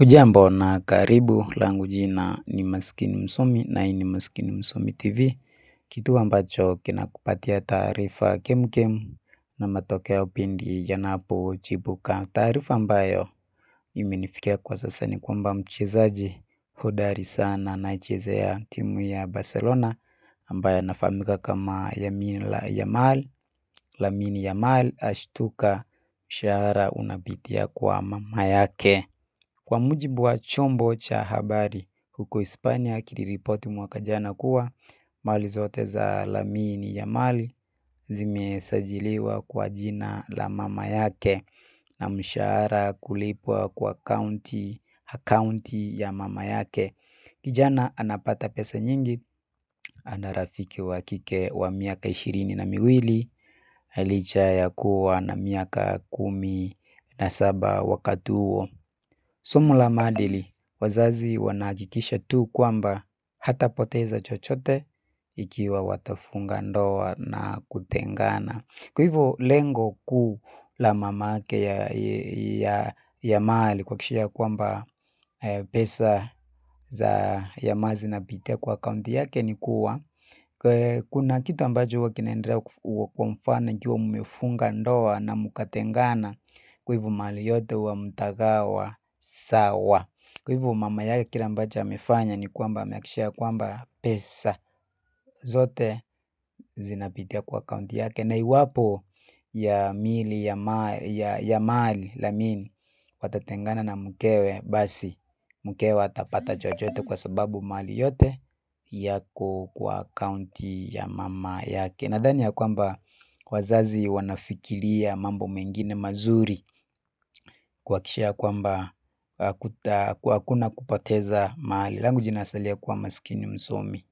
ujambo na karibu langu jina ni Maskini Msomi na hii ni Maskini Msomi TV Kituo ambacho kinakupatia taarifa kemkem na matokeo pindi yanapochipuka. Taarifa ambayo imenifikia kwa sasa ni kwamba mchezaji hodari sana anayechezea timu ya Barcelona ambaye anafahamika kama Lamine Yamal ashtuka mshahara unapitia kwa mama yake. Kwa mujibu wa chombo cha habari huko Hispania kiliripoti mwaka jana kuwa mali zote za Lamine Yamal zimesajiliwa kwa jina la mama yake na mshahara kulipwa kwa akaunti ya mama yake. Kijana anapata pesa nyingi, ana rafiki wa kike wa miaka ishirini na miwili licha ya kuwa na miaka kumi na saba wakati huo. Somo la maadili, wazazi wanahakikisha tu kwamba hatapoteza chochote ikiwa watafunga ndoa na kutengana. Kwa hivyo lengo kuu la mamake ya Yamal ni kuhakikisha kwamba eh, pesa za mali zinapitia kwa akaunti yake ni kuwa eh, kuna kitu ambacho huwa kinaendelea kwa mfano ikiwa mmefunga ndoa na mkatengana kwa hivyo mali yote huwa mtagawa sawa. Kwa hivyo mama yake kile ambacho amefanya ni kwamba amehakikisha kwamba pesa zote zinapitia kwa akaunti yake na iwapo ya mili ya mali Lamini watatengana na mkewe basi mkewe atapata chochote kwa sababu mali yote yako kwa akaunti ya mama yake. Nadhani ya kwamba wazazi wanafikiria mambo mengine mazuri kuhakikisha ya kwamba hakuna kupoteza mahali langu jina asalia kuwa maskini msomi.